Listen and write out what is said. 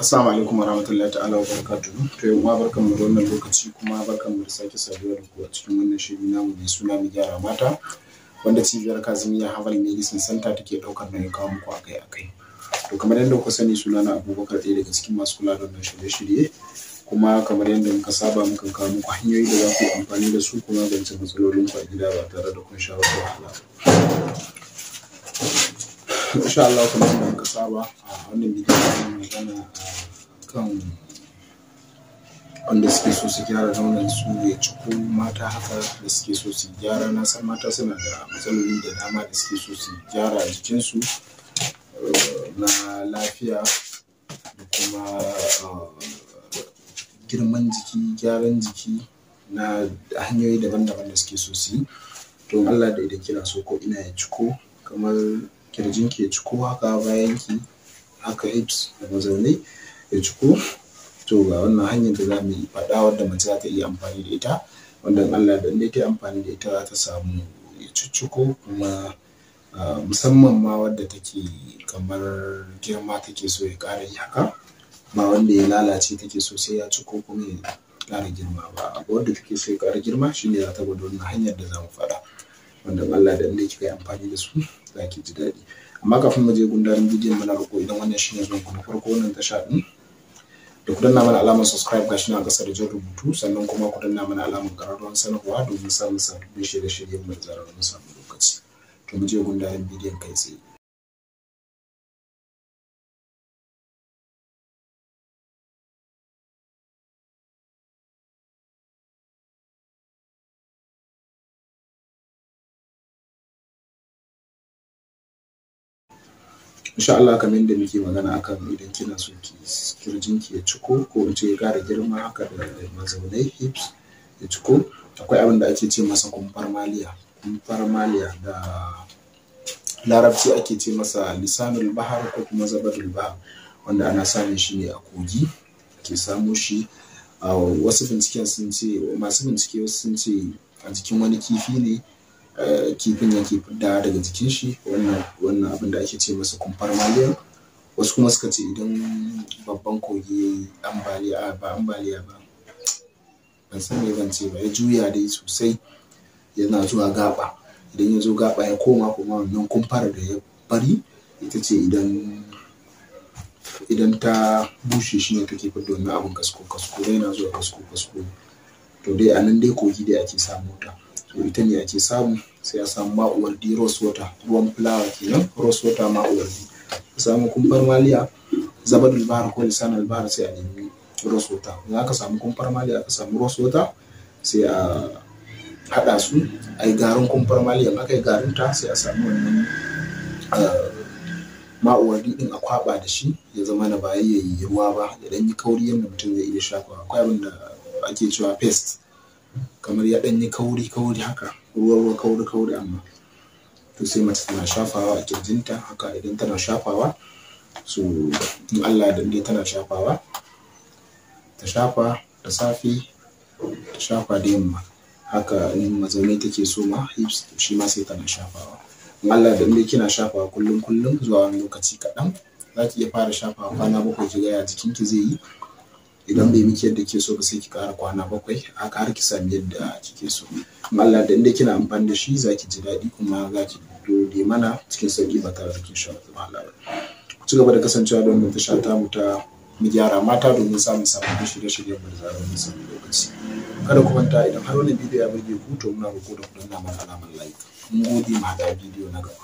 Assalamu alaikum warahmatullahi ta'ala wa barakatuh. To yau ma mu da wannan lokaci kuma mu da sake saduwa da ku a cikin wannan shiri namu mai suna mu gyara mata wanda cibiyar Kazimiya Harvard Medicine Center take daukar nauyin kawo muku akai akai. To kamar yadda kuka sani suna na Abubakar ɗaya daga cikin masu kula da wannan shirye-shirye kuma kamar yadda muka saba muka kawo muku hanyoyi da za ku amfani da su kuma magance matsalolin ku a gida ba tare da kun sha wata wahala. Insha Allah kuma muka saba a wannan bidiyon magana kan wanda suke so su gyara raunin su ya ciko mata haka da suke so su gyara na san mata suna da matsaloli da dama da suke so su gyara jikinsu eh, na lafiya da kuma eh, girman jiki gyaran jiki na hanyoyi daban-daban da suke so su yi allah da idan kina so ko ina ya ciko kamar kirjin ke ciko haka bayan ki haka hips da mazaunai ya ciko to ga wannan hanyar da za mu yi faɗa wadda mace za ta iya amfani da ita wanda Allah da inda ta amfani da ita za ta samu ya cicciko kuma musamman ma wadda take kamar girma take so ya ƙara yi haka ba wanda ya lalace take so sai ya ciko kuma ya ƙara girma ba abu wadda take so ya ƙara girma shine za ta gwada wannan hanyar da za mu faɗa wanda Allah da inda kika yi amfani da su za ki ji daɗi amma kafin mu je gundarin bidiyon muna roƙo idan wannan shine ne ku na farko wannan tasha ɗin da ku danna mana alamar subscribe ga shi na kasar da rubutu sannan kuma ku danna mana alamar ƙararrawar sanarwa domin samun sabbin shirye-shiryen mai tsararrun samun lokaci to mu je gundayen bidiyon kai tsaye insha Allah kamar yadda muke magana akan idan kina so ki kirjin ki ya ciko ko in ce ya ƙara girma haka da mazaunai hips ya ciko akwai abin da ake ce masa kumfarmaliya kumfarmaliya da larabci ake ce masa lisanul bahar ko kuma zabadul bahar wanda ana samun shi ne a kogi ke samu shi wasu binciken sun ce masu bincike sun ce a jikin wani kifi ne Eh, kifin yake fita daga jikin shi wannan wannan abin da ake ce masa kumfar maliya wasu kuma suka ce idan babban kogi ambaliya ba ambaliya ba ban san me ce ba ya juya dai sosai yana zuwa gaba idan ya zo gaba ya koma kuma wannan kumfar da ya bari ita ce idan idan ta bushe shi ne take fito wannan abin kasko kasko dai yana zuwa kasko kasko to dai a nan dai kogi dai ake samu ta to ita ne ake samu sai a samu ma'uwardi rose water ruwan fulawa kenan rose water di ka samu kumfar maliya zabar albahar ko lisan albahar sai a nemi rose water za ka samu kumfar maliya aka samu rose sai a haɗa su a yi garin kumfar maliya aka yi garin ta sai a samu wannan eh, ma'uwardi din a kwaba da shi ya zama na baya ya yi ruwa ba ya dan yi kauri yadda mutum zai iya shafa akwai abin da ake cewa paste kamar ya dan yi kauri kauri haka ruwa kauda kauda amma to sai mace tana shafawa a kirjinta haka idan tana shafawa so in Allah da inda tana shafawa ta shafa da safi ta shafa da yamma haka in mazaunai take so ma hips to shi ma sai tana shafawa in Allah da inda kina shafawa kullum kullum zuwa wani lokaci kaɗan za ki iya fara shafawa kwana bakwai ki ga ya jikinki zai yi idan bai miki yadda ke so ba sai ki kara kwana bakwai haka har ki sami yadda kike so Allah da inda kina amfani da shi zaki ji daɗi kuma zaki dole mana cikin sauki ba tare da kin sha wahala ba ku ci gaba da kasancewa don mu tasha ta mu mu gyara mata domin samun da shirye-shiryen mu da za mun samu lokaci kada ku manta idan har wani bidiyo ya burge ku to muna roƙo da ku danna mana alamar like mun gode ma da bidiyo na gaba